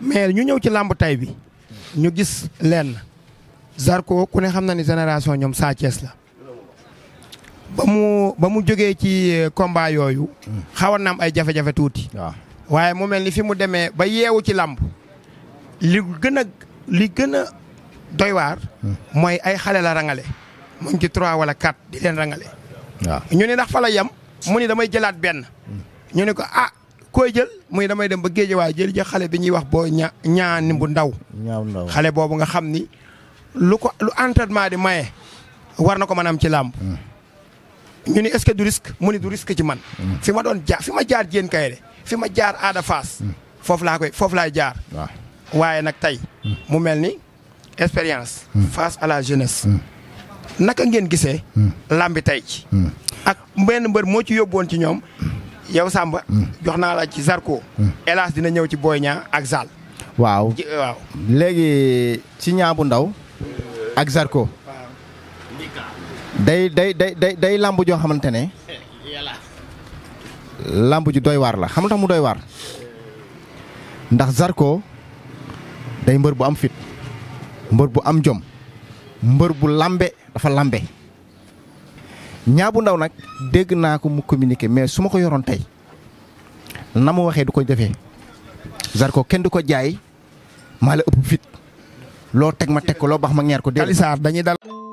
mais ñu ñëw ci làmb tay bi ñu gis lenn sarko ku ne xam na ni génération ñoom Sa Thiès la ba mu ba mu jógee ci euh, combat yooyu xawoon na am ay jafe-jafe tuuti waaye mu mel ni fi mu demee ba yeewu ci làmb li gën a li gën a doy mooy ay xale la rangale mu ngi ci troit wala quatre di leen rangale ñu ne ndax fa la yem mu ni damay jëlaat benn ñu ne ko ah koy muy damay dem ba géejewaay jël ja xale bi ñuy wax boo ña ñaani bu ndaw. xale boobu nga xam ni lu ko lu entraînement di maye war na ko mën am ci làmb. Mm. ñu ni est-ce que du risque mu ni du risque ci man. Mm. fi ma doon jaar fi ma jaar jéen kay de fi ma jaar aada faas. Mm. foofu laa koy foofu laay jaar. waaye nag tey. mu mel ni expérience. face à la jeunesse. naka ngeen gisee. làmbi tey. ak benn mbër moo ci yóbbuwoon ci ñoom. yow Samba. Hmm. jox naa la ci sarko hmm. hélas dina ñëw ci Boy ñaa ak Zal. waaw léegi ci Niang bu ndaw. ak sarko day day day day day làmb joo xamante ne. làmb ju doy waar la xam tax mu doy waar. ndax Zarko day mbër bu am fit mbër bu am jom mbër bu lambe dafa lambe bu ndaw nag dégg naa ko mu communiquer mais su ma ko yoroon tey na mu waxee du ko defee ko kenn du ko jaay maa la ëpp fit loo teg ma teg ko loo baax ma ñeer ko. dégg dañuy dal.